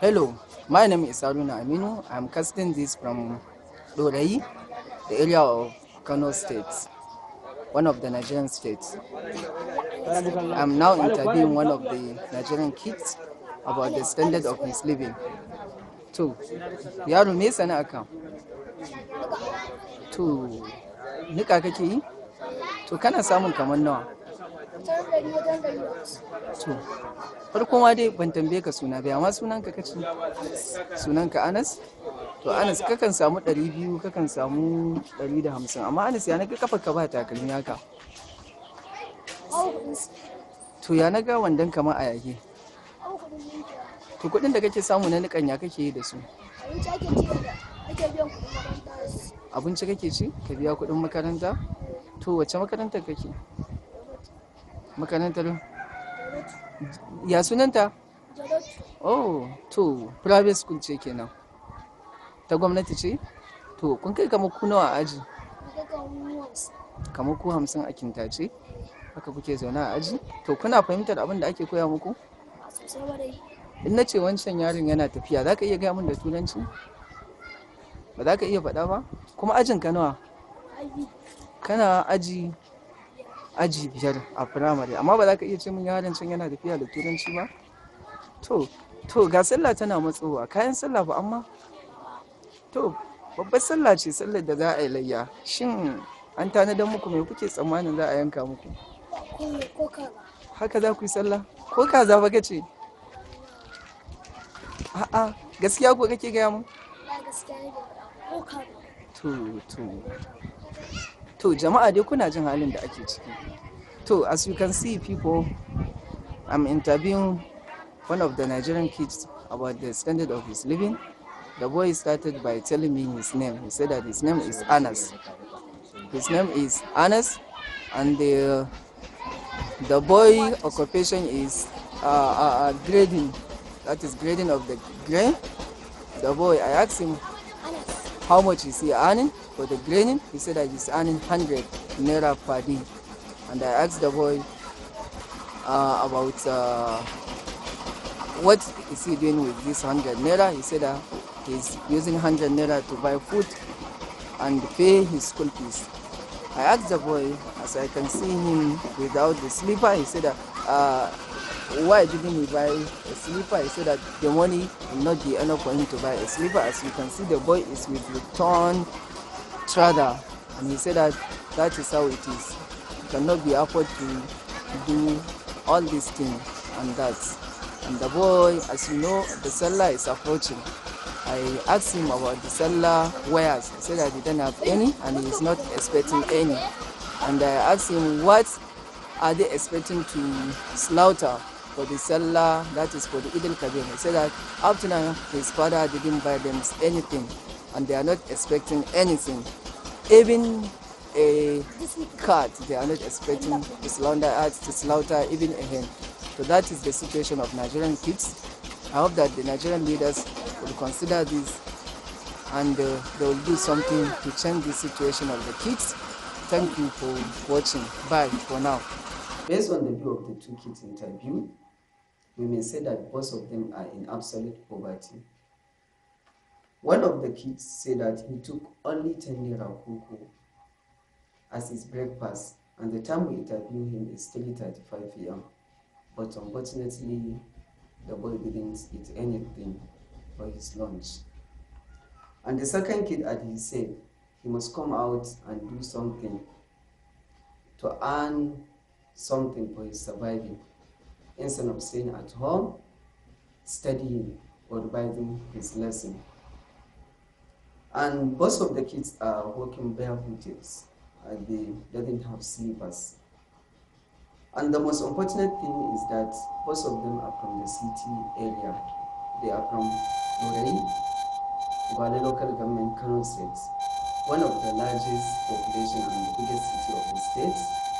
Hello, my name is Aruna Aminu. I'm casting this from Dorayi, the area of Kano State, one of the Nigerian states. I'm now interviewing one of the Nigerian kids about the standard of his living. Two, yaro me sana'a ka? To, nika kake yi? To kana samun kamar nawa? To, farko dai ban tambaye ka suna ba, amma sunan ka kace sunan ka Anas? To Anas kakan samu 200 kakan samu 150 amma Anas ya naga kafa ka ba takalmi haka. To ya naga wandan kama a yage. To kuɗin da kake samu na nikan ya kake yi da su? Abinci kake ci? Ka biya kuɗin makaranta? To wace makarantar kake? makaranta ya sunanta oh to private school ce kenan ta gwamnati ce to kun kai kamar ku nawa a aji kamar ku hamsin a ce? haka kuke zaune a aji to kuna fahimtar abin da ake koya muku in na ce wancan yarin yana tafiya za ka iya gaya min da turanci ba za ka iya faɗa ba kuma ajin ka nawa kana aji aji biyar a firamare amma ba za ka iya ce min yaron can yana tafiya da turanci ba to to ga sallah tana matsowa kayan sallah ba amma to babbar sallah ce sallar da za a yi layya shin an tanadar muku mai kuke tsammanin za a yanka muku haka za ku yi sallah ko kaza ba ce a'a gaskiya ko kake gaya mun to to to jama'a dai kuna jin halin da ake ciki to as you can see people i'm interviewing one of the nigerian kids about the standard of his living the boy started by telling me his name he said that his name is anas his name is anas and the the boy occupation is uh, uh, uh grading that is grading of the grain the boy i asked him how much is he earning for the graining? He said that he's earning 100 naira per day. And I asked the boy uh, about uh, what is he doing with this 100 naira. He said that he's using 100 naira to buy food and pay his school fees. I asked the boy, as I can see him without the slipper, he said that uh, why didn't he buy a slipper? He said that the money will not be enough for him to buy a slipper. As you can see, the boy is with the torn trader, and he said that that is how it is. You cannot be afford to do all these things and that. And the boy, as you know, the seller is approaching. I asked him about the seller wares. He said that he didn't have any and he's not expecting any. And I asked him what are they expecting to slaughter for the seller, that is for the Eid al-Kabir. He said that up to now, his father didn't buy them anything, and they are not expecting anything. Even a cat, they are not expecting to slaughter, uh, to slaughter even a hen. So that is the situation of Nigerian kids. I hope that the Nigerian leaders will consider this and uh, they will do something to change the situation of the kids. Thank you for watching. Bye for now. Based on the view of the two kids interviewed, we may say that both of them are in absolute poverty. One of the kids said that he took only 10 naira kuku as his breakfast, and the time we interviewed him is 3.35 pm. But unfortunately, the boy didn't eat anything for his lunch. And the second kid, as he said, he must come out and do something to earn something for his surviving instead of staying at home, studying or revising his lesson. And most of the kids are walking barefooted. They did not have slippers. And the most unfortunate thing is that most of them are from the city area. They are from Norei, Gwale local government, council one of the largest population and the biggest city of the state.